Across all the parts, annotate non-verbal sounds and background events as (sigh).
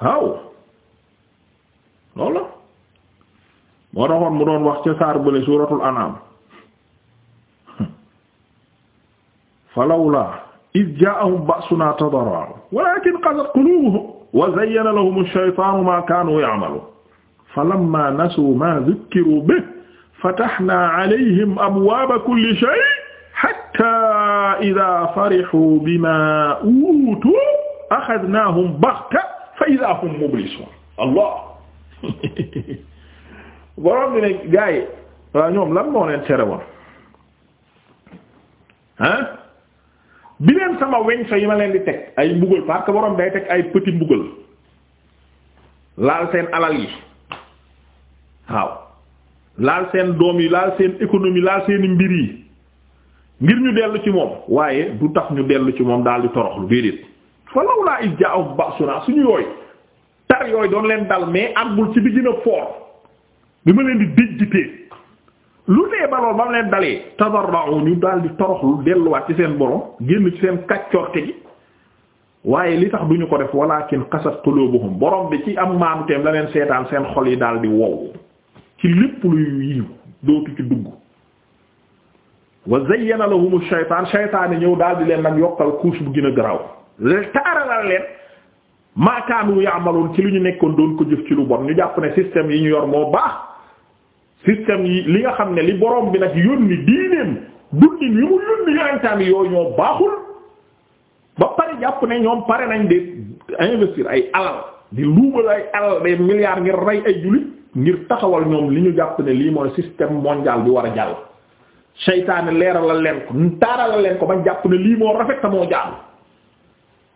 waaw loolu la moo taxoon mu doon wax ca saar bële suuratul anaam (laughs) falawlaa iz jaa'ahum ba'sunaa tadarra'uu walaakin qasat quluubuhum wa zayyana lahumu shaytaanu maa kaanuu ya'maluun falammaa nasuu maa dhukkiruu bihi fatahnaa 'alayhim abwaaba kulli shay'in hattaa izaa farihuu bimaa uutuu axadnaahum baxta iza hum mublisun allah (laughs) borom bi ne gaa yi waaw ñoom lan moo leen tere woon ah bi leen sama weñ fa yi ma leen di teg ay mbugal parce que borom day teg ay petit mbugal laal seen alal yi waaw laal seen doom yi laal seen économie laal seen mbir yi ngir ñu dellu ci moom waaye du tax ñu dellu ci moom daal di toroxlu déedéet fa lawlaa iz jaa'ahum ba'sunaa suñu yooyu xatar yooyu doon leen dal mais àggul ci bi gën a fort bi ma leen di déjjitee lu nee ba lool ba mu leen dalee tadarra'u ñu daal di toroxlu delluwaat ci seen borom génn ci seen kàccoorte gi waaye li tax duñu ko def walakin qasat qulubuhum borom bi ci am maanuteem la leen seetaan seen xol yi daal di wow ci lépp luy yiw dootu ci dugg wa zayyana lahumu shaytaan ñëw daal di leen nag yokkal couche bu gën a garaaw taaralal leen maakaanu yaamaloon ci li ñu nekkoon doon ko jëf ci lu bon ñu jàpp ne système yi ñu yor moo baax système yi li nga xam ne li borom bi nag yónni diineem dundin yi mu yónni yonentam yooyu ñoo baaxul ba pare jàpp ne ñoom pare nañ di investir ay alal di luubal ay alal des milliards ngir rey ay jullit ngir taxawal ñoom li ñu jàpp ne lii mooy système mondial bi war a jàll seytaane leeralal leen ko taaralal leen ko ba jàpp ne lii moo rafet ta moo jàll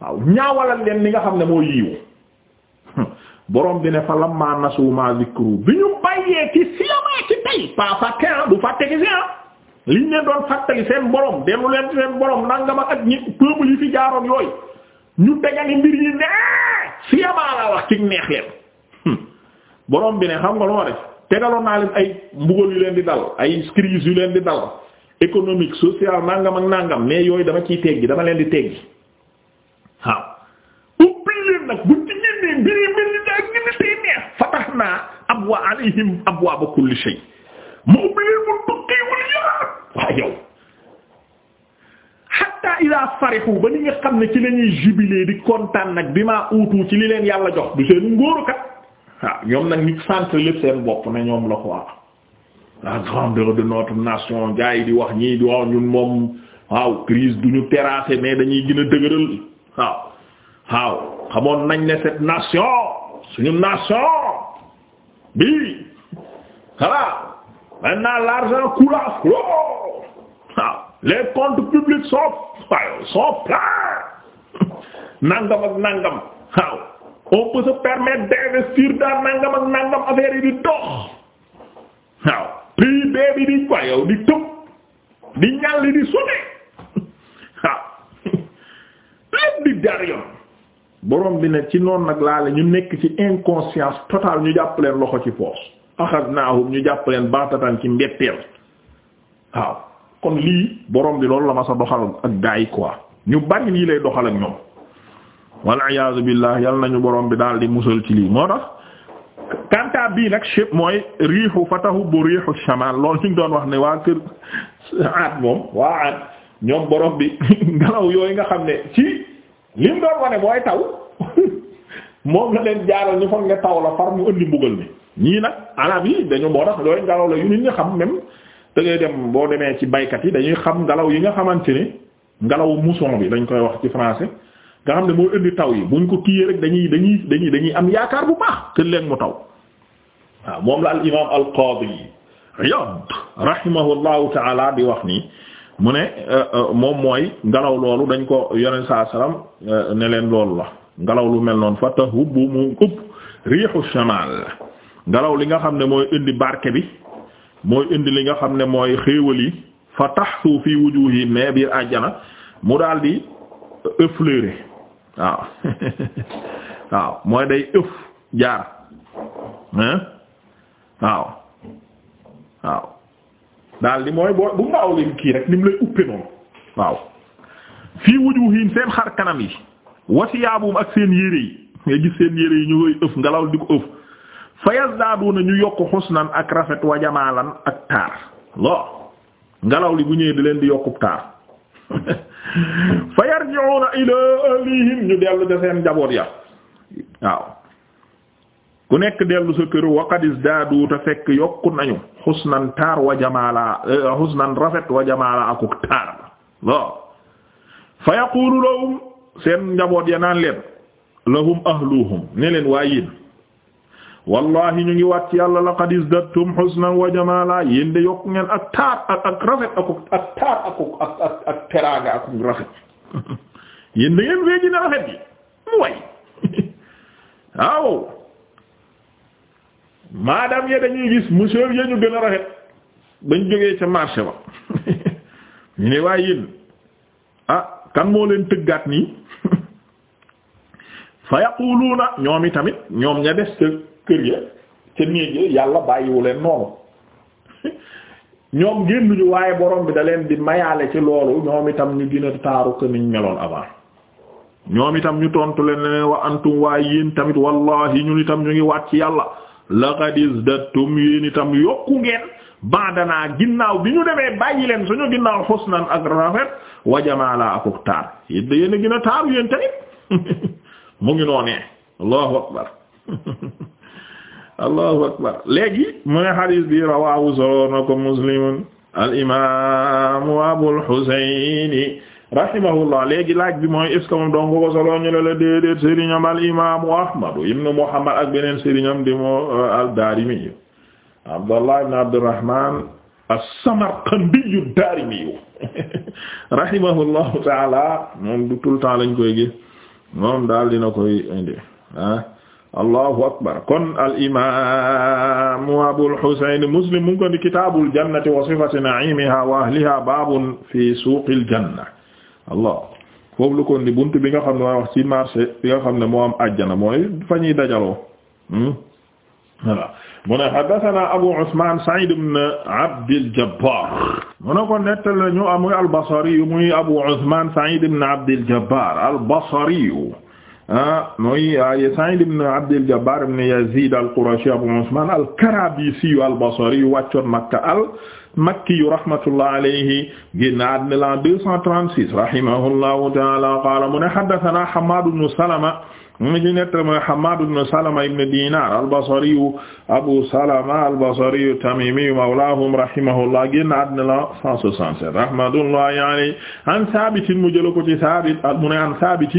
waaw ñaawalal leen li nga xam ne moo yiiw boroom bi ne fa lamma nasu ma zikru bi ñu bàyyee ci siama ci tey pas du fàtte ki si ah. liñ leen doon fàttali seen borom dellu leen seen borom nangama ak ñi peuple yi fi jaaroon yooyu ñu neex leen borom bi ne xam nga loo def tegaloon naa leen ay mbugal yu leen di dal ay crise yu leen di dal économique social nangam ak nangam mais yooyu dama ciy teggi dama leen di teggi ñun nag buñ ci génnee mbir yi mel ni daal ñu ne tey neex fatahna abwa alayhim abwaaba kulli shay mu ubbi leen mu tukkee wala yàlla waaw yow. hatta ila farihu ba ni nga xam ne ci la ñuy di kontaan nag bi ma uutu ci li leen yàlla jox du seen ngóoru kat waaw ñoom nag ñu centre lépp seen bopp ne ñoom la quoi la grandeur de notre nation gars di wax ñii di wax ñun moom waaw crise du ñu terrasser mais dañuy gën a dëgëral waaw. waaw xamoon nañ ne cette nation suñu nation bi voilà maintenant l'argent coule à flot waaw les comptes publics sont sont pleins nangam ak nangam waaw on peut se permettre d'investir dans nangam ak nangam affaire yi di dox waaw prix bee bi di quoi di tëb di ñàll di sone waaw (laughs) lépp di dar yoon borom bi ne ci noonu nag laa la ñu nekk ci inconscience totale ñu jàpp leen loxo ci poos axadnaahum ñu jàpp leen baatatan ci mbetteel waaw kon lii borom bi loolu la ma sa doxal ak gaa yi quoi ñu bari lii lay doxal ak ñoom wal iyaazu billaah yal nañu borom bi daal di musal ci lii moo tax kanta bii nag chep mooy riixu fatahu bu riixu shamal loolu ñu doon wax ne waa kër aat moom waa aat ñoom borom bi (laughs) ngelaw yooyu nga xam ne ci li mu doon wane mooy taw (laughs) moom la leen jaaral ñu foog ne taw la far mu indi mbugal mi ñii nag arab yi dañu moo tax yooyu ngelaw la yu nit ñi xam même da ngay dem boo demee ci baykat yi dañuy xam ngelaw yi nga xamante ne ngelawu mousson bi dañ koy wax ci français nga xam ne moo indi taw yi buñ ko kiiyee rek dañuy dañuy dañuy dañuy am yaakaar bu baax te leen mu taw waaw moom la al imam al qadi Iyad rahimahullahu taala di wax nii mu ne euh, euh, moom mooy ngelaw loolu dañ ko yoneen saa salaam euh, ne leen loolu la ngelaw lu mel noonu fatahub mu ëpp riixu shamal ngelaw li nga xam ne mooy indi barke bi mooy indi li nga xam ne mooy xéewal yi fa taxsu fi wujuhi mais biir àjjana mu daal di effleurer waaw (laughs) waaw mooy day ëf jaar hein waaw waaw daal mooy bu ngaaw leen kii rek ni lay uppe noonu waaw fii wujuhin seen xar kanam yi wasiyaabum ak seen yére yi nga gis seen yére yi ñu koy ëf ngelaw di ko ëf fa yazdaaduna ñu yokk xusnan ak rafet wa jamaalan ak taar lo ngelaw li bu ñëwee di leen di yokkub taar (laughs) fa yarji'una ila ahlihim ñu dellu de seen njaboot ya waaw ku nekk dellu sa kër waqad isdaadu te fekk yokku nañu xusnan taar wa jamaala xusnan eh, rafet wa jamaala akuk taar fa yaqulu lahum seen njaboot ya naan leen lahum ahluhum ne leen waa wallahi ñu ngi wàcc yàlla laqad isdaadtum xusnan ak akuk ak akuk rafet yéen da ngeen rafet yi mu way (laughs) waaw maadam ya dañuy gis monsieur ya ñu gën a rafet bañ jógee ca marché ba (laughs) ñu ne waaye yéen ah kan moo leen tëggaat nii (laughs) fa yaquluuna ñoom i tamit ñoom ña des yàlla bàyyiwu leen noonu (laughs) ñoom génnuñu waaye borom bi da leen di mayaale ci loolu ñoom itam ñu gën a taaru ko niñ meloon avant ñoom itam ñu tontu leen leen wa antum waaye yéen tamit wallahi ñun itam ñu ngi waat ci yàlla laqad izdattum yéen itam yokku ngeen baadanaa ginnaaw bi ñu demee bàyyi leen suñu ginnaaw xusnan ak rafet wa jamaala akuk taar yéen da yéen a gën a (laughs) mu ngi noonee allahu akbar (laughs) allahu akbar léegi mu ne xadiis bi rawaahu solo na ko muslimun al imaamu rahimahullah léegi laaj bi mooy est-ce que moom solo ñu la déedéet sëriñam al Ahmad ibn Muhammad ak beneen sëriñam di moo euh, ad-Daarimi Abdallah ibn Abdurrahman as-Samarqandi ad-Daarimi (laughs) rahimahullahu taala moom du tout le temps lañ koy gis moom daal dina koy indi ah akbar kon al imam Abul Muslim mu ko di kitaabul jannati wa sifati na'iimiha wa fi suuqil janna allah foofu lu kon di bunt bi nga xam ne waaye wax ci marché bi nga xam ne moo am ajjana mooy fa ñuy dajaloo hmm? voilà mu ne hadathana abu usman sa'id ibn abd al-jabbar mu ne ko nettal nañu amuy al-basri muy abu usman sa'id ibn abd al-jabbar al-basri mooy Sa'id ibn Abd al-Jabbar ibn Yazid al-Qurashi Abu Usman al-Karabisi al-Basri wàccoon Makka al makki yu rahmatullah alayhi génna àddina la 236 rahimahullahu taala qaala mu ne haddathana Hammad ibn Salama mu ci nettali mooy Hammad ibn Salama ibn Dinar al-Basri Abu Salama al-Basri Tamimi mawlahum rahimahullah génna àddina la 167 rahmatullahi alayhi an Thabit mu jël ko ci Thabit mu ne an Thabit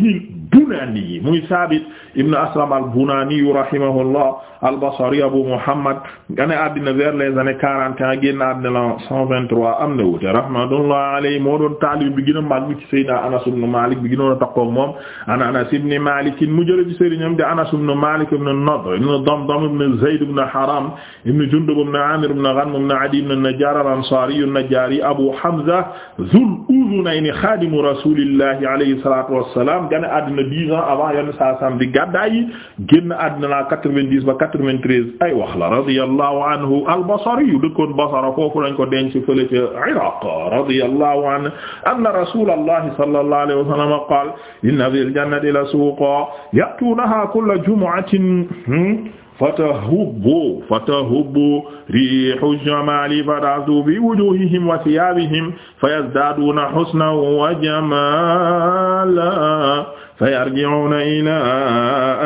al-Bunani muy Saabit ibn Aslam al-Bunani rahimahullah al-Basri Abu Muhammad gane àddina vers les années quarante et un génn àddina la cent vingt-trois am na wute rahmatullah alayhi moo doon taalib bi gën a mag ci Seydina Anas ibn Malik bi gënoon a takkoog moom an Anas ibn Malik mu jële ci sëriñam di Anas ibn Malik ibn Nadr ibn Damdam ibn Zayd ibn Haram ibn Jundub ibn Amir ibn Ghanm ibn Adi ibn Najjar al-Ansari an-Najjari Abu Hamza Zul Uzunayn xaadimu rasulillahi alayhi salatu wassalam gane àddina dix ans avant yenn saa sam di gàddaay yi génn àddina la quatre-vingt-dix ba quatre-vingt-treize ay wax la radiyallahu anhu al-Basri yu dëkkoon Basra foofu lañ ko denc fële ca Iraq radiyallahu anhu anna rasulallahi sallallahu alayhi wa sallam qaala inna fil jannati la suuqan ya'tuunahaa kulla jumu'atin fatahubbu fatahubbu riihu jamali fatahdu bi wujuhihim wa thiyaabihim fayazdaaduna husnan wa jamala fa yarji'una ila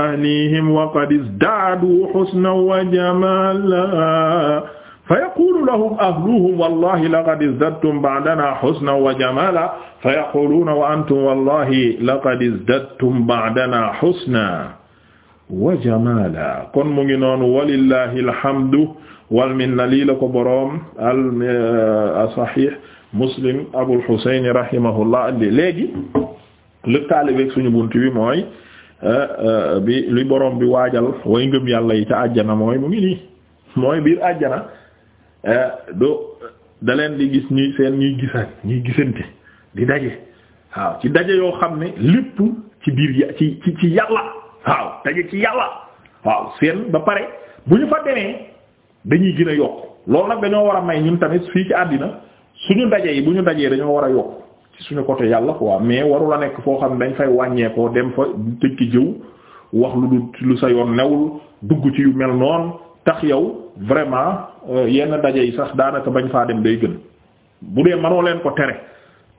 ahlihim wa qad izdaadu husnan wa jamalan fa yaqulu lahum ahluhum wallahi laqad izdadtum ba'dana husnan wa jamalan fa yaquluna wa antum wallahi laqad izdadtum ba'dana husnan wa jamalan kon mu ngi noonu walillahi alhamdu wal minna lii la ko boroom al sahih Muslim Abul Husayn rahimahullah léegi lëkkaale beeg suñu bunt bi mooy eh, eh, bi luy boroom bi waajal way ngëm yàlla yi ca àjjana mooy mu ngi nii mooy biir àjjana eh, do da leen di gis ñuy seen ñuy gisante di daje waaw ci daje yoo xam ne lépp ci biir ci ci ci yàlla waaw daje ci yàlla waaw seen ba pare bu ñu fa demee dañuy gën a yokk loolu nag dañoo war a may ñun tamit fii ci àddina suñu daje yi bu ñu dajee dañoo war a yokk ci suñu côté yàlla quoi mais waru la nekk foo xam ne dañ fay wàññeekoo dem fa tëkki jëw wax lu du lu sa yoon newul dugg ci yu mel noonu tax yow vraiment euh, yenn daje yi sax daanaka bañ faa dem day gën bu dee mënoo leen ko tere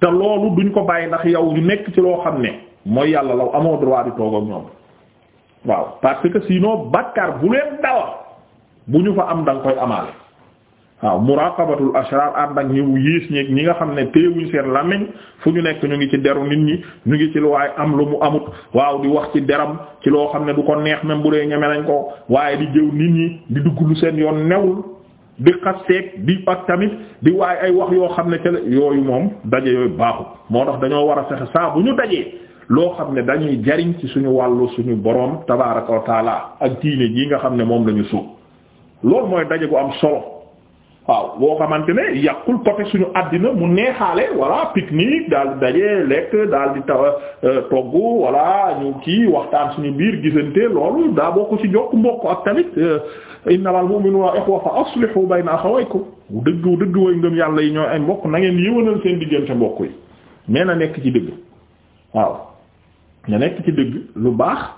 te loolu duñ ko bàyyi ndax yow ñu nekk ci loo xam ne mooy yàlla law amoo droit di toog ak ñoom waaw parce que sinon bàkkaar bu leen dawal bu ñu fa am da nga koy amaale. waaw muraqabatul ashrar ànd ak ñi yiis ñi ñi nga xam ne téewuñ seen làmmiñ fu ñu nekk ñu ngi ci deru nit ñi ñu ngi ci lu waaye am lu mu amut waaw di wax ci deram ci loo xam ne du ko neex même bu dee ñeme nañ ko waaye di jëw nit di dugg lu seen yoon newul di xasteeg di ak tamit di waaye ay wax yoo xam ne ca yooyu moom daje yooyu baaxut moo tax dañoo war a fexe saa ñu dajee loo xam ne dañuy jariñ ci suñu wàllu suñu boroom tabaaraka wa taala ak diine jii nga xam ne moom lañu suuf loolu mooy daje gu am solo waaw boo xamante ne yàqul côté suñu àddina mu neexaale voilà pique daal di daje lekk daal di taw euh, togg voilà ñu kii waxtaan suñu biir gisante loolu daa bokk ci jokk mbokk ak tamit euh, innamal mu'minuna ikhwa fa aslihu bayna akhawaykum bu dëgg bu dëgg way ngëm yàlla yi ñooy ay mbokk nangeen ngeen yëwanal seen diggante mbokk yi mais na nekk ci dëgg waaw na nekk ci dëgg lu baax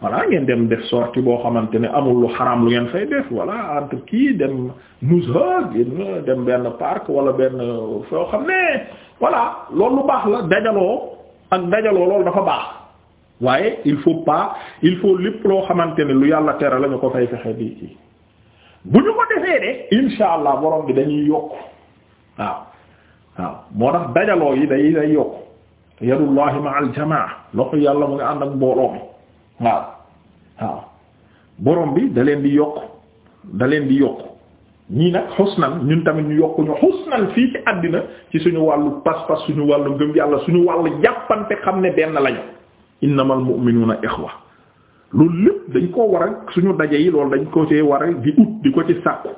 voilà ngeen dem def sorti boo xamante ne amul lu xaram lu ngeen fay def voilà entre kii dem Nuzha génn dem benn parc wala benn foo xam ne voilà loolu lu baax la dajaloo ak dajaloo loolu dafa baax waaye il faut pas il faut lépp loo xamante ne lu yàlla tere lañu ko fay fexe di ci bu ñu ko defee de insha allah borom bi dañuy yokk waaw waaw moo tax dajaloo yi day day yokk yadullahi ma al loxo yàlla mu ngi ànd ak mbooloo waaw waaw borom bi da leen di yokk da leen di yokk ñii nag xusnan ñun tamit ñu yokkuñu xusnan fii ci àddina ci suñu wàllu pas-pas suñu wàllu ngëm yàlla suñu wàllu jàppante xam ne benn lañu innamal mu'minuna ikhwa loolu lépp dañ koo war a suñu daje yi loolu dañ ko ci war a di ut di ko ci sàkku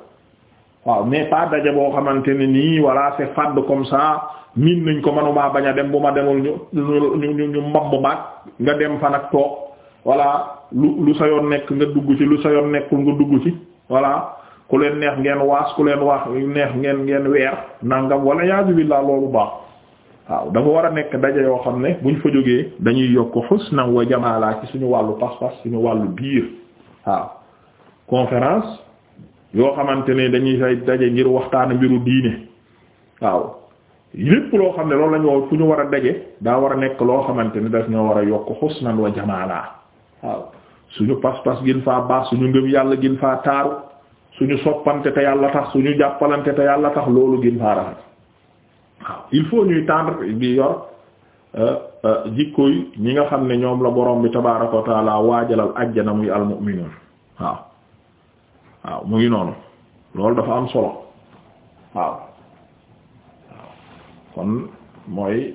waaw mais pas daje boo xamante ne nii voilà c'est fade comme ça miin nañ ko manumaa bañ a dem bu ma demul ñu ñu ñu ñu mbabb nga dem fan ak toog voilà lu lu sa yoon nekk nga dugg ci lu sa yoon nekkul nga dugg ci voilà ku leen neex ngeen waas ku leen wax neex ngeen ngeen weer nangam wala yaasubillah loolu baax waaw dafa war a nekk daje yoo xam ne bu buñ fa jógee dañuy yokk husna wa jamala ci suñu wàllu pas-pas suñu wàllu biir waaw conférence yoo xamante ne dañuy fay daje ngir waxtaan mbiru diine waaw lépp loo xam ne loolu lañu fu ñu war a daje daa war a nekk loo xamante ne daf ñoo war a yokk nan wa jamala waaw suñu pas-pas gin faa baax suñu ngëm yàlla gin faa taaru suñu soppante te yàlla tax suñu jàppalante te yàlla tax loolu gin faa rafet waaw il faut ñuy tendre bi yor euh, euh, jikko ñi nga xam ne ñoom la borom bi tabaaraka wa waajalal ajjana muy almu'minuun waaw waaw mu ngi noonu loolu dafa am solo waaw kon mooy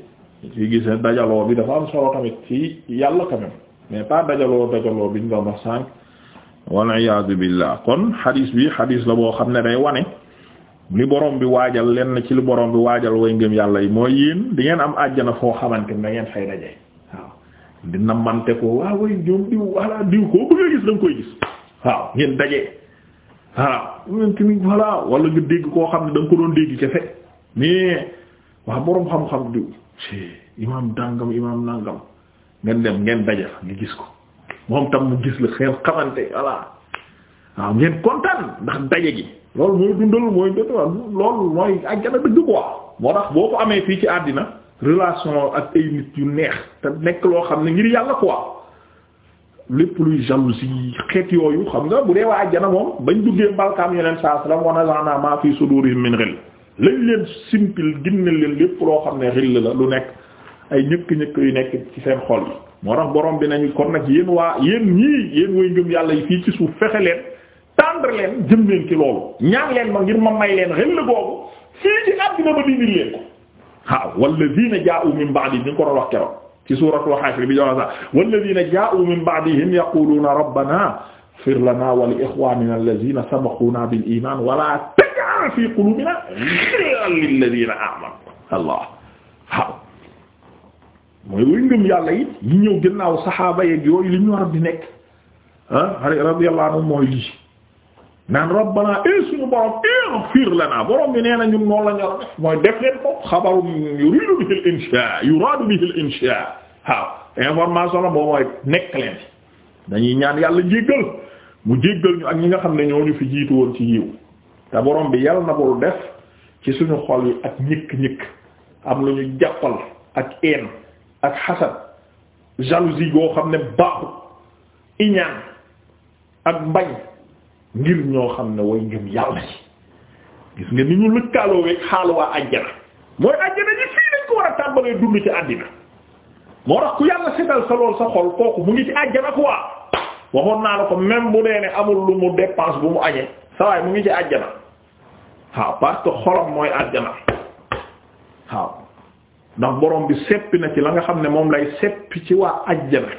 ci gisee dajaloo bi dafa am solo tamit ci yàlla quand mais pas dajaloo dajaloo ñu doon wax sànq wal iyaadu billah kon xadiis bi xadiis la boo xam ne day wane li boroom bi waajal lenn ci li borom bi waajal way ngëm yàlla yi mooy yéen di ngeen am àjjana foo xamante ne da ngeen fay daje di namante ko ah, waaw way ñoom diw walla diw dégg koo xam ne da nga ko doon dégg ca fe mais waa borom xam-xam diw ci imam dàngam imam nàngam ngeen dem ngeen daje fa nga gis ko moom tam mu gis la seen xamante voilà waaw ngeen kontaan ndax daje gi loolu mooy dundal mooy dundal loolu mooy àjjana dëgg quoi moo tax boo ko amee fii ci àddina relation ak ay nit yu neex te nekk loo xam ne ngir yàlla quoi lépp luy jalousie xeet yooyu xam nga bu dee waa àjjana moom bañ duggee mbalkaam yeneen saa salaam wa naza'na ma fi sudurihim min ghil lañ leen simple ginna leen lépp loo xam ne xill lu nekk. ay ñëkk-ñëkk yu nekk ci seen xol yi moo borom bi nañu kon nag yéen waa yéen ñii yéen way ngëm yàlla yi fii ci suuf fexe leen tendre leen jëm len ci loolu ñaan leen ma ngir ma may leen xel la googu fii ci àddina ba dindil leen ko waaw walladina jaa'u min ba'di ñu ko doon wax keroog ci suuratu Haashir bi jox sax walladina jaa'u min ba'dihim yaquluuna rabbana ighfir lana wa li ikhwanina alladhina sabaquna bil iman wa la taj'al fi qulubina mooy way ngëm yàlla yi ñi ñëw gannaaw saxaaba yeeg yooyu li ñu war a nekk ah radiyallahu eh, eh, bi nee na ñun noonu la ñu war def mooy def leen ko xabaru yuridu bihi al insha yuradu bihi al insha waaw information la boo mooy nekk leen dañuy ñaan yàlla jéggal mu jéggal ñu ak ñi nga xam ne ñoo ñu fi jiitu woon ci yiw te borom bi yàlla na bul def ci suñu xol yi ak ñëkk ñëkk am lu ñu jàppal ak een ak xasad jalousie goo xam ne baaxut iñaan ak mbañ ngir ñoo xam ne way ngëm yàlla ci gis nga ni ñu lëkkaloo weeg xaaluwaa ajjana mooy ajjana ji fii lañ ko war a tàmbalee dund ci àddina moo tax ku yàlla setal sa lool sa xol kooku mu ngi ci àjjana quoi waxoon naa la ko même bu dee amul lu mu dépense bu mu añee sawaay mu ngi ci àjjana waaw parce que xolam mooy àjjana waaw ndax borom bi seppi na ci la nga xam ne moom lay seppi ci waa ajjana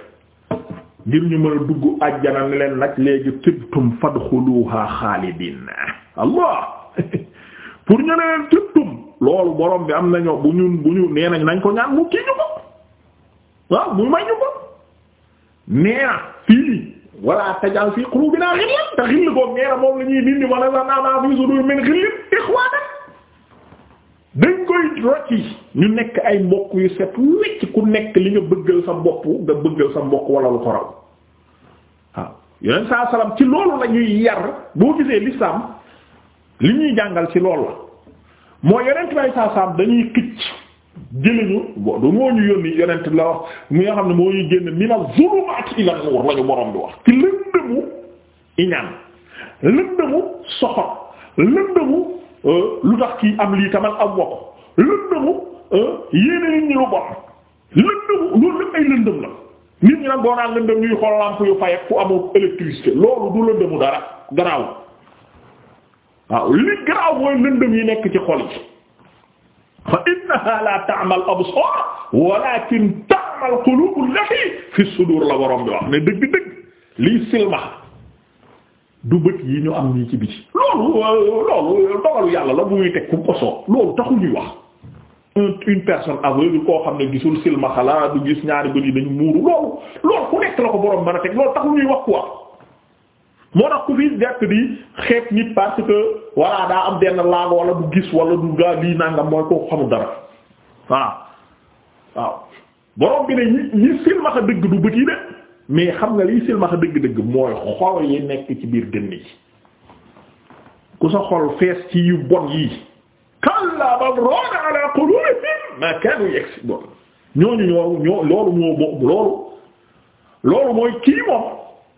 ngir ñu mën a dugg ajjana ne leen nag léegi tibtum fadxuluha xaalidin allah (laughs) pour ñu ne leen tibtum loolu borom bi am nañoo bu ñun bu nee nañ nañ ko ñaan mu ñu ko mu may ñu ko nee na fii wala tajal fii qulubina ghillan te xill boobu nee na moom la ñuy dindi la naa naa fii sudur min ghillin ikhwanan dañ koy rocci ñu nekk ay mbokk yu set wecc ku nekk li nga bëggal sa mbokk nga bëggal sa mbokk wala lu ko raw saa salaam ci loolu la yar boo gisee lislaam li ñuy jàngal ci lool la moo yonent bay saa saam dañuy xicc jëliñu bon du moo yónni yonent la wax mi nga xam ne moo ñu génn mina zulumaat ila nuur la borom bi wax ci lëndëmu iñaan lëndëmu soxor lëndëmu Euh, lu tax kii am lii tamal am wokk lëndëmu euh, yéene nit ñi lu bon lëndëmu loolu lépp loolu du lëndëmu dara garaaw waaw li garaaw mooy lëndëm yi nekk ci xol yi fa innaha la ta'mal absar walakin ta'mal qulubul lati fi sudur la borom bi wax ne dëgg-dëgg lii silma du bët yi ñu am nii ci biti loolu loolu dogalu yàlla la bu muy teg ku ko soob loolu taxu ñuy wax une personne aveugle koo xam ne gisul silmaxala du gis ñaari bët yi dañu muuru loolu loolu ku nekk la ko borom mën a teg loolu taxu ñuy wax ku wax moo tax ku fi jàkk di xeet nit parce que walla daa am benn laago wala du gis wala du gaa lii nangam mooy koo xamul dara waaw waaw borom bi ne ñi ñi silmaxa dëgg du bët yi de mais xam nga liy silmaxa dëgg-dëgg mooy xol yi nekk ci biir dënn yi ku sa xol fees ci yu bon yi kalla bal raana ala qulubihim ma kanu yaksibun ñooñu ñoo ñoo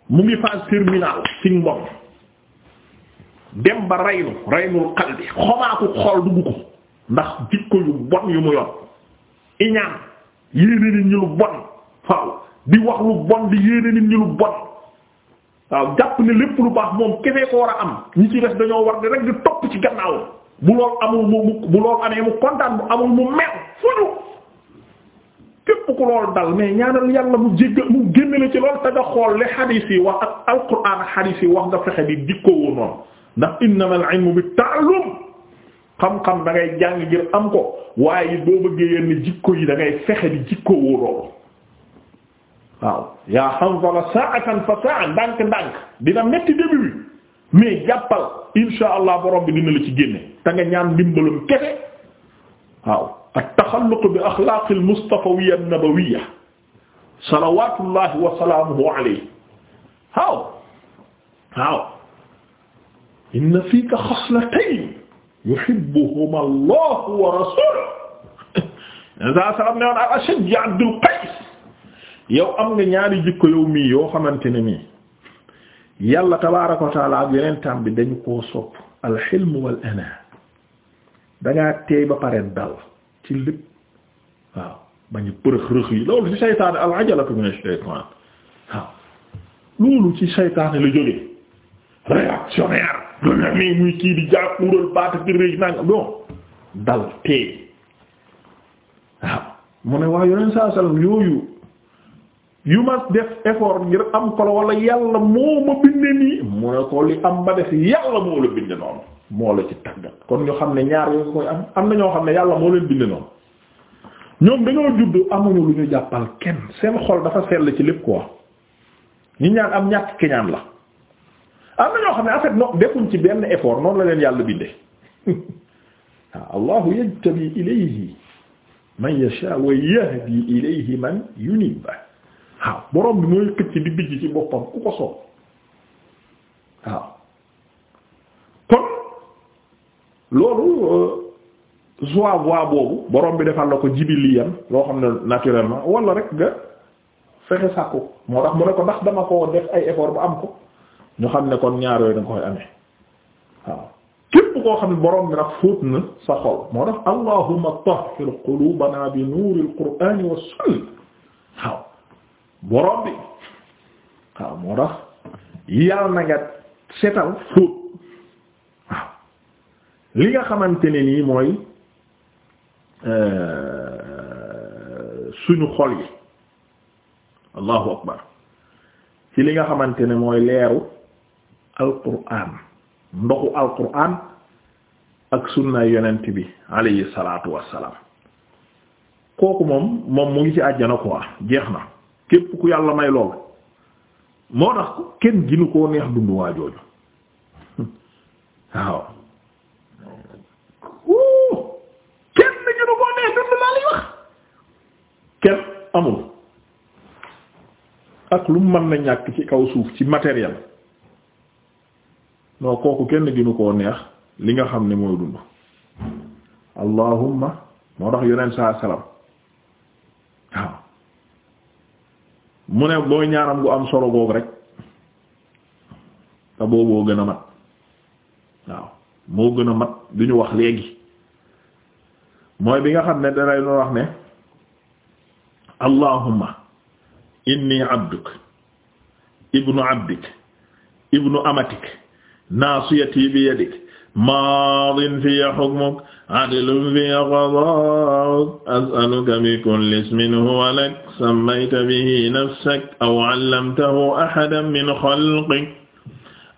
mbon dem ba raynu raynul qalbi xomaaku xol dugg ko ndax jikko yu bon yu mu yor iñaan yéene ni ñu lu bon faaw di wax lu bon di yéene nit ñi lu bon waaw jàpp ne lépp lu baax moom kefee ko war a am ñi ci des dañoo war di rek di topp ci gannaaw bu lool amul mu bu lool amee mu kontaan bu amul mu meew fuñu képp ku lool dal mais ñaanal yàlla mu jéggal mu génne la ci lool te nga xool li xadiis yi wax ak alquran xadiis yi wax nga fexe di dikkoowu noonu ndax innamal ilmu bi ta'allum xam-xam dangay jàng ngir am ko waaye boo bëggee yenn jikko yi da ngay fexe di waaw yaa Hanzala sa'atan fa sa'an ndànk ndànk dina metti début bi mais jàppal insha allah borom bi dina la ci génne te nga ñaan dimbalum kese waaw at-taxalluq bi axlaaqil mustafawiyya an-nabawiyya salawaatullahi wa salaamuhu alayhi waaw waaw inna fiika xaslatayn yuhibbuhuma allahu wa rasuluhu sallam ne woon al-Ashajj Abdul Qays yow am nga ñaari jikko yow mii yoo xamante ne nii yàlla tabaaraka wa taala ak yeneen tam bi dañu koo sopp alxilm wal ana dangaa teey ba pare dal ci lépp waaw bañu përëx rëx yi loolu ci saytaane al ajalatu min ash waaw loolu ci saytaane la jógee réactionnaire doon na nii muy kii di jàppuural baat ci rëy nanga non dal teey waaw mu ne waaw yeneen saa sallam yooyu yu ma def effort ngir am ko la wala yàlla moo ma binde nii mu ne ko li am ba def yàlla moo la binde noonu moo la ci tàggat kon ñu xam ne ñaar yoo koy am am na ñoo xam ne yàlla moo leen binde noonu ñoom dañoo judd amuñu lu ñu jàppal kenn seen xol dafa sell ci lépp quoi ñi ñaan am ñàkk ki la am na ñoo xam ne en fait non ci benn effort noonu la leen yàlla binde waaw (laughs) ah, allahu yajtabi ilayhi man yasha wa waaw borom bi mooy këcc di bijj ci boppam ku ko soob waaw kon loolu euh, joie voix boobu borom bi defal la ko jibiliyan loo xam ne naturellement wala rek nga fexe sàkku moo tax mu ne ko ndax dama ko def ay effort ba am ko ñu xam ne kon ñaar yooyu da koy amee waaw képp koo xam ne borom bi nag fóot na sa xol moo tax allahumma tahhir qulubana bi nuuril qur'ani was sunna waaw borom bi waaw moo tax yàlla na nga setal fóot waaw li nga xamante ne nii mooy euh, suñu xol yi allahu akbar ci li nga xamante ne mooy leeru alquraan ndoxu alquraan ak sunna yonent bi alayhi salaatu wassalaam kooku moom moom mu ngi ci àjjana quoi jeex na képp ku yàlla may lool moo tax kenn ginu koo neex dund waa jooju waaw kenn ginu koo neex dund laa lay wax kenn amul ak lu man na ñàkk ci kaw suuf ci matériel non kooku kenn ginu koo neex li nga xam ne mooy dund allahumma moo tax yonent saa salaam waaw mu ne mooy ñaaram gu am solo goog rek te booboo gën a mat waaw moo gën a mat du ñu wax léegi mooy bi nga xam ne dalay doon wax ne allahumma inni abduk ibnu abdik ibnu amatik naasiyati bi yadik maadin fiya hukmuk adlun fiya qadaa'uk as'aluka bi kulli ismin huwa lak sammayta bihi nafsak aw 'allamtahu ahadan min khalqik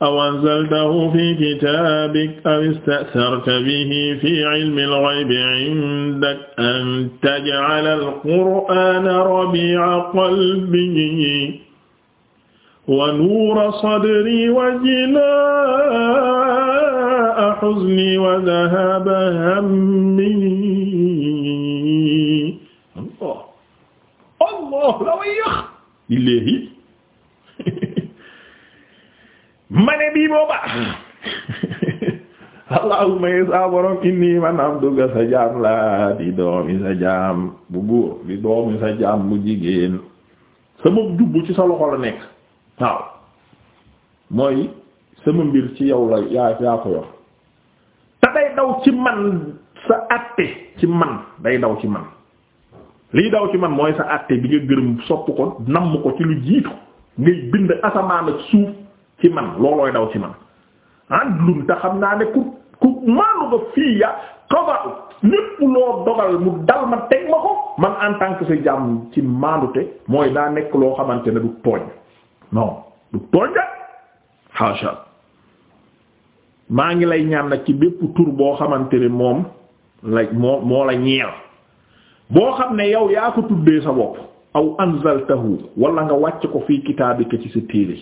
aw anzaltahu fi kitabik aw ista'tharta bihi fi 'ilmi al-ghaybi 'indak an taj'ala al-qur'ana rabi'a qalbi wa nuura sadri wa jinaa huzni wa dhahaba hammi Allah Allah la way yëx billaahi (laughs) mane bii booba (laughs) allahumma ye saa borom inni man abduka sa jaam laa di doomi sa jaam bu góor di doomi sa jaam bu jigéen sama jubbu ci sa loxo la nekk waaw mooy sama mbir ci yow la yaa yaa ko yor te day daw ci man sa àtte ci man day daw ci man liy daw ci man mooy sa àtte bi nga gërëm sopp ko namm ko ci lu jiitu ngay bind asamaan ak suuf ci man loolooy daw ci man àndulum te xam naa ne ku ku maanu nga fii ya xabaru lépp loo dogal mu dal ma teg ma ko man en tant que sa jàmm ci maanute mooy daa nekk loo xamante ne du tooñ non du tooñ da maa ngi lay ñaan nag ci bépp tur boo xamante ne moom la moo moo la ñeel boo xam ne yow yaa ko tuddee sa bopp aw anzaltahu wala nga wàcc ko fii kitaabika ci sa téere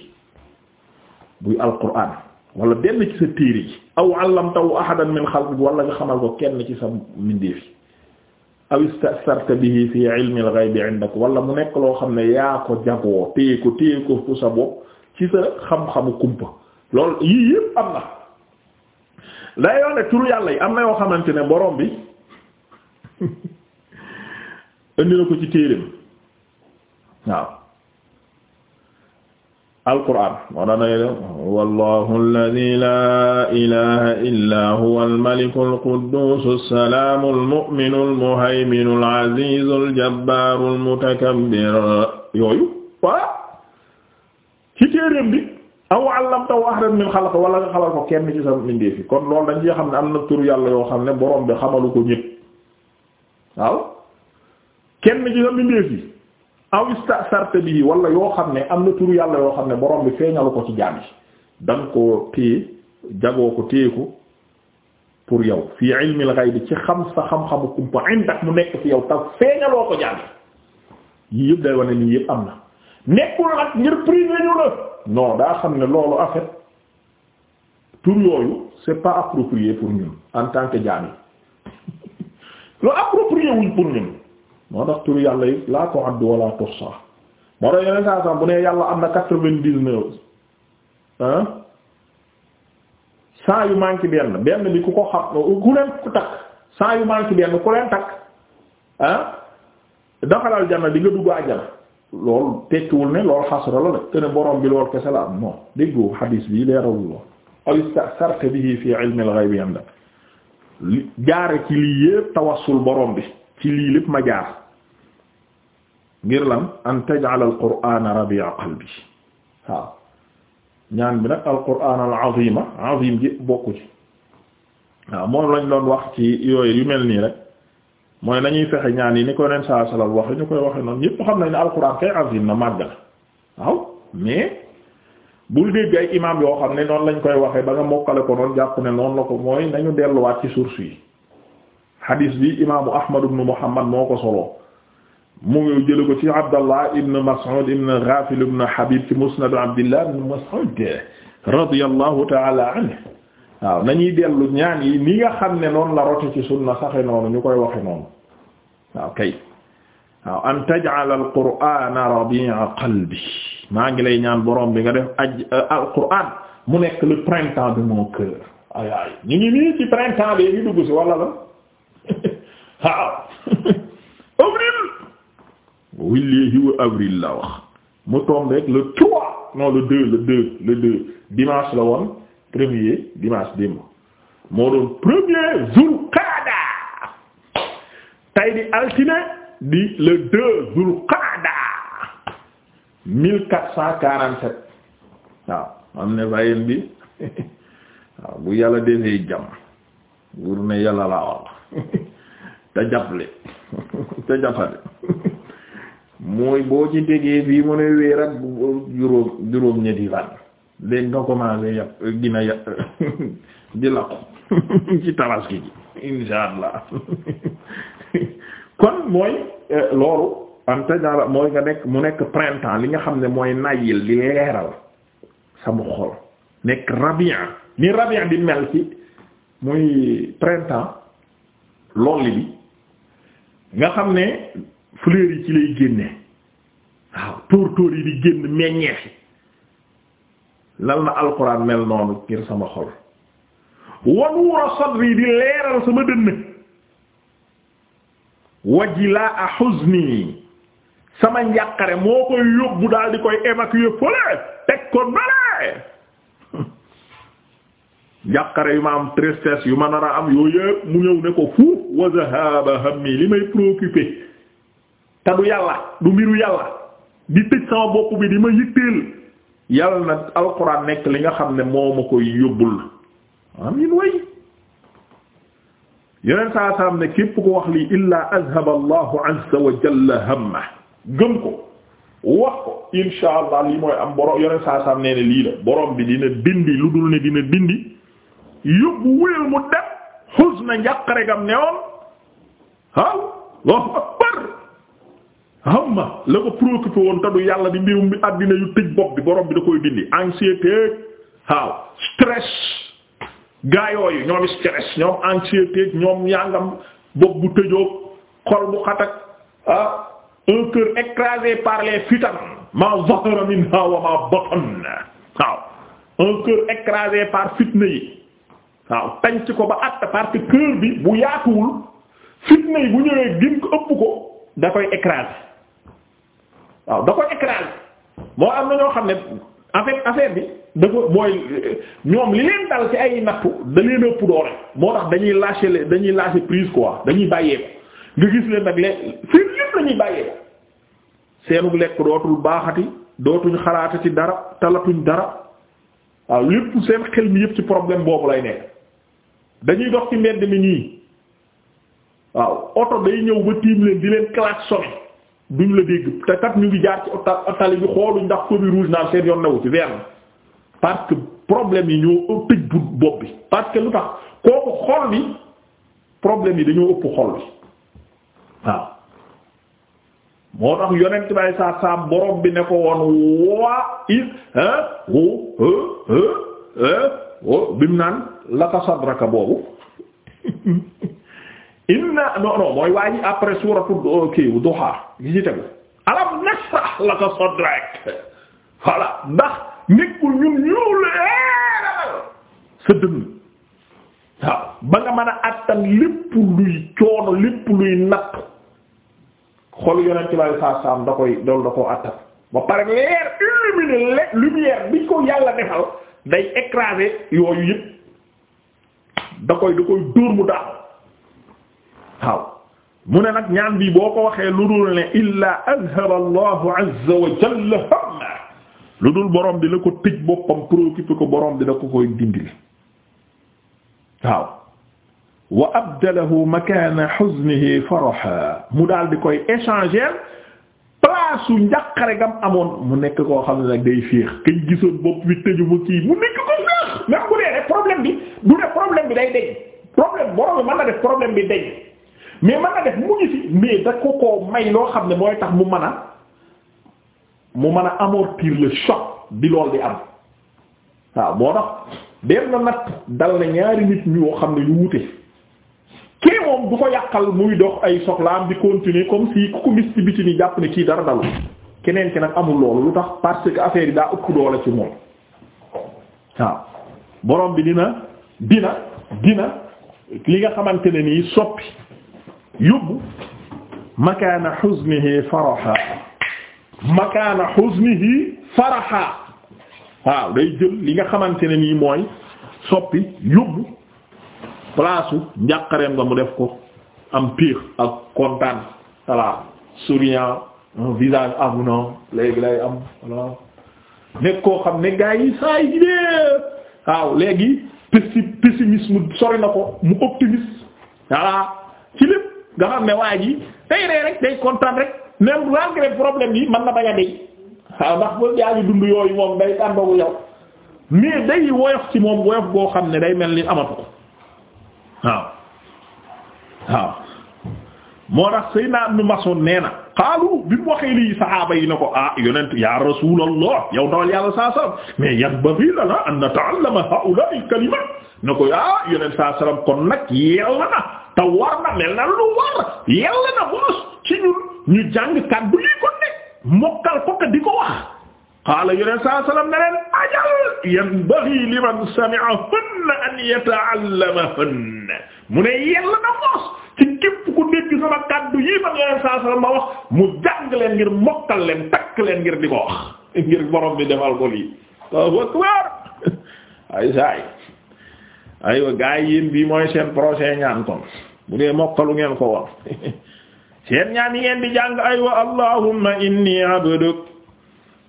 buy alquran wala benn ci sa téere yi aw allamtahu ahadan min xalqik wala nga xamal ko kenn ci sa mbindeef aw bi bihi fi ilmi a ghayb indak wala mu nekk loo xam ne yaa ko jagoo téye ko téye ko fu sa bopp ci sa xam-xamu kumpa loolu yii yëpp am na day yoo turu yàlla yi am na yoo xamante ne borom bi (laughs) indi na ko ci téereem waaw alqur'aan moo na nay wallahu alladhi la ilaha illa huwa almaliku alquddusu alsalaamu almu'minu almuhayminu alazizu aljabbaaru almutakabbir yooyu waa ci téeréem bi aw allamtahu ahadan min xalq wala nga xamal ko kenn ci sa mindee fi kon loolu dañ ci xam ne am na tur yàlla yoo xam ne borom bi xamalu ko ñépp waaw kenn ci sa mindee fi aw istasarte bi wala yoo xam ne am na turu yàlla yoo xam ne borom bi feeñalu ko ci jaam yi da nga téye jagoo ko téye ko pour yow fii ilmil ghayb ci xam sa xam-xamu kumpa indak mu nekk fi yow tax feeñaloo ko jaam yii yëpp day wane nii yëpp am na nekkul nag ngir privé ñu la non daa xam ne loolu en fait tur yooyu c'est pas approprié pour ñun en tant que jaam yi loolu (laughs) approprié pour ñun moo tax tur yàlla yi laa ko addu wala tuhsa moo tax saa bu ne yàlla am na quatre-vingt-dix-neuf ah cent benn benn bi ku ko xam ku leen ku takk cent yu manqué benn ku leen takk daxalal janna di nga dugg àjjana loolu tekkiwul ne loolu xasra la de te ne bi loolu kese la am déggoo xadiis bi leerawul lool aw istasarta bihi fi ilmi lii lépp ma jaar ngir lan an taj'ala alqur'ana rabi'a qalbi waaw ñaan bi nag alqur'an alazima azim gi bokku ci waaw moom lañ doon wax ci yooyu yu mel nii rek mooy nañuy fexe ñaan yi ni ko neen saa salal waxe ñu koy waxe noonu ñépp xam nañ ne alqur'an kay azim na màgg na waaw mais bul dégg ay imam yoo xam ne noonu lañ koy waxe ba nga mokkale ko noonu jàpp ne noonu la ko mooy nañu delluwaat ci source yi hadis bi imaamu ahmad ibn muhammad moo ko soloo mu ngi jële ko ci Abdallah ibn Mas'ud ibn Ghafil ibn Habib ci Musnad Abdillah ibn Mas'ud radiyallahu ta'ala anhu nañuy dellu ñaan yi ni nga xam ne noonu la rote ci sunna saxe noonu ñu koy waxe noonu waaw kay waaw an taj'ala al-qur'ana rabi'a qalbi maa ngi lay ñaan borom bi nga def euh, al-qur'an mu nekk le printemps de mon (laughs) (laughs) willee hiwa avril la wax mu tombe rek trois non le deux le deux le deux dimanche la woon premier dimanche démb moo doon premier zulqaada tay di altine di le deux zulqaada mille quatre cent quarante-sept waaw am ne bàyyeen bi waaw bu yàlla defee jàmm wur ne yàlla laa wax te jàppale te jàppale mooy boo ci déggee bii mu ne weer ak juróom juróom ñetti fan léegi nga commencé yàpp gina yàpp (laughs) di làqu (laughs) ci tabaski ji insha allah (laughs) kon mooy euh, loolu am mooy nga nekk mu nekk printemps li nga xam ne mooy nayil di leeral sama xol nekk rabian ni rabian di mel ci muy printemps loolu bi nga xam ne fleurs yi ci lay génne waaw tóor-tóor yi di génn meññeefi lal na alxuraan mel noonu ngir sama xol wanuura sadri di leeral sama dënn wajilaa a huzni sama njàqare moo koy yóbbu daal di koy évacuer fële teg ko nale (laughs) njàqare yu ma am tristesse yu ma nar am yooyu yëpp mu ñëw ne ko fuuf wa zahaba hammi li may préoccupé te du yàlla du mbiru yàlla di tëj sama bopp bi di ma yitteel yàlla nag alxuraan nekk li nga xam ne moo ma koy yóbbul amin way yeneen saa saam ne képp ko wax lii illaa azhaba allahu azza wa saa saam nee ne lii la borom bi dina dindi lu dul ne dina dindi yóbbu wéyal mu dem xus na njàqare gam newoon waaw hamma la ko préoccupé woon te du yàlla di mbirum bi àddina yu tëj bopp bi borom bi da koy dindi anxiété waaw stress gaa yooyu ñoom stress ñoom anxiété ñoom ñaangam bopp bu tëjoog xol bu xatak ah un cœur par les fitan par fitna yi waaw tanc ko ba àtt parce que bi bu yaatuwul fitna yi bu ñëwee gën ko ëpp ko da koy écraser waaw da ko écran moo am na ñoo xam ne en fait affaire bi dafa mooy ñoom li leen dal ci ay nattu da leen ëpp doole moo tax dañuy lâcher dañuy lâcher prise quoi dañuy bàyyeeku nga gis leen nag leen fii lépp la ñuy bàyyeeku seenu lekk dootul dara talatuñ dara waaw lépp seen xel mi yëpp ci problème boobu lay nekk dañuy dox ci mbedd mi nii waaw oto day ñëw ba tiim leen di leen klaxonner duñ la dégg te kat ñu ngi jaar ci tali bi xooluñ ndax feu rouge naan seen yoon newu ci vert na parce que problème yi ñoo tëj bu bopp bi parce que lu tax kooku xol bi problème yi dañoo ëpp xol bi tax yonent bay bi ne ko woon waa is hein wu hein hein bi mu naan laka sadraka boobu (laughs) inna non non mooy waa ji après suuratu euh, kii duha gi ci tegu alam nashrah laka sadrak voilà ndax nekkul ñun ñoo leeral sa waaw ba nga mën a attan lépp luy coono lépp luy natt xol yonent bi saa saam da koy dool da koo attan ba pare leer illuminer le lumière bi ko yàlla defal day écraser yooyu yëpp da koy da koy dóor mu daal waaw mu ne nag ñaan bi boo ko waxee lu dul ne illaa azhaba allahu azza wa lu dul borom bi la ko tëj boppam préoccupé ko borom bi ko koy dindil waaw wa abdalahu makaana huznihi faraha mu daal di koy échanger place su njàqare gam amoon mu nekk koo xam ne nag day féex kañ gisoon bopp bi tëju mu kii mu nekk ko féex même bu dee rek problème bi du def problème bi day deñ problème borom bi bi deñ mais mën a def mu ngi fi mais da ko koo may loo xam ne mooy tax mu mën a mu mën a amortir le choc bi lool di am waaw moo tax benn nag dal na ñaari nit ñu xam ne yu wute kii moom du ko yàqal muy dox ay soxlaam di continuer comme si ku ko gis ci biti jàpp ne kii dara dalu keneen ki nag amul loolu lu tax parce que affaire yi daa ëpp doole ci moom waaw borom bi dina dina dina li nga xamante ne nii soppi yóbbu makaana xusnihi faraha makaana xusnihi faraha waaw day jël li nga xamante ne nii mooy soppi yóbbu place njàqareem nga mu def ko am piir ak kontaan voilà souriant un visage avenant léegi lay am voilà koo xam ne gaa yi saa yi waaw léegi na ko mu optimiste voilà nga xam ne waa ji tey ree rek day kontaan rek même malgré problème yi mën na bañ a dey ndax ba yaa ngi dund yooyu moom day tàndawu yow mais day woyof ci moom boo xam ne day mel ni amatu ko waaw moo tax Seydina Ibn Mas'ud nee na xaalu bi mu waxee lii saxaaba yi ne ko ah rasulallah yow dawal yàlla saa sallam mais yanbaghi lana an nata'allama ha'ula'i kalimat ne ko ah yonent saa sallam kon nag yella na te war na mel na lu war yàlla na boos ci ñu jàng kàddu lii ko nekk mokkal ko di ko wax qaala yoneen saa sallam ne leen ajal yanbaghi liman sami'ahunna an yata'allamahunna mu ne yàlla ma wax mu jàng leen ngir mokkal leen takk leen ngir di ko wax ngir borom bi defal ko lii waaw waaw (laughs) ay saay aywa gars yi yéen bii mooy seen projet ñaan kon bu dee mokkalu ngeen ko woon (laughs) seen ñaan yi ngeen di jàng aywa allahumma inni abduk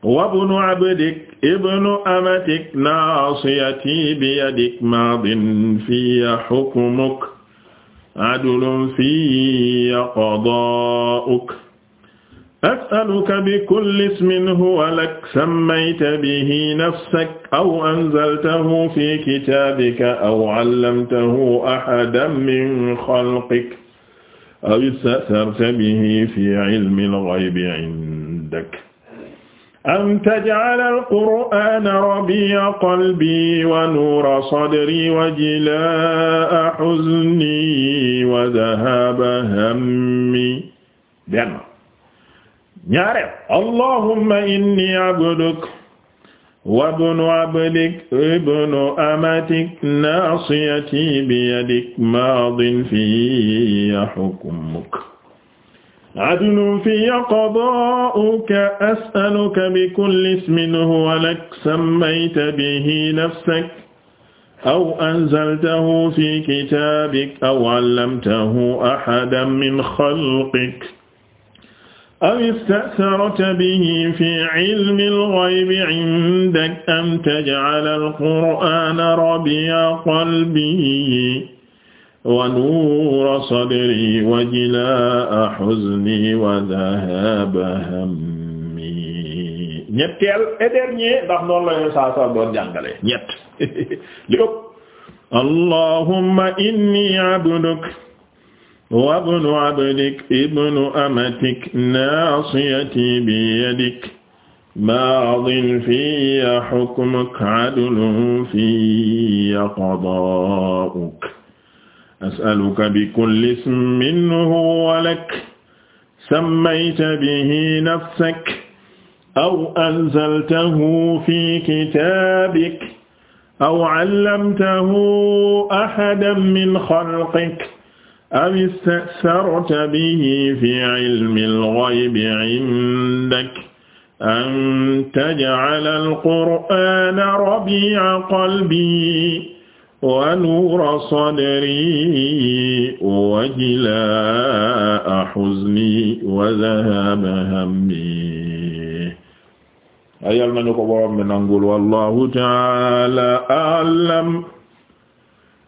wa ibnu abdik ibnu amatik naasiyati biyadik maadin fiya hukmuk adlun fiya qadaa'uk as'aluka bikulli ismin huwa lak sammayta bihi nafsak aw anzaltahu fi kitaabika aw 'allamtahu ahadan min xalqik aw ista'tharta bihi fi 'ilmi al-ghaybi 'indak an taj'ala al-qur'aana rabi'a qalbi wa nuura sadri wa jilaa'a huzni wa dhahaaba hammi ñaareel allahumma inni abduk wa ibnu abdik ibnu amatik naasiyati biyadik maadin fiya hukmuk adlun fiya qadaa'uka as'aluka bikulli ismin huwa lak sammayta bihi nafsak aw anzaltahu fi kitaabik aw allamtahu ahadan min xalqik aw ista'tharta bihi fi ilmi al-ghaybi 'indak an taj'ala al-qur'ana rabi'a qalbi wa nuura sadri wa jilaa'a huzni wa dhahaaba hammi ñetteel et dernier ndax noonu la ñu saa saa doon jàngale ñett (laughs) li ëpp allahumma inni 'abduka wabnu abdik ibnu amatik naasiyati biyadik baadin fiya hukmuk adlun fiya qadaa'uk as'aluka bikulli ismin huwa lak sammayta bihi nafsak aw anzaltahu fi kitaabik aw allamtahu ahadan min khalqik aw ista'sarta bihi fi ilmi al-ghaybi 'indak an taj'ala al-qur'ana rabi'a qalbi wa nuura sadri wa jilaa'a huzni wa dhahaba hammi ayal nañu ko borom bi nangul wallahu ta'ala a'lam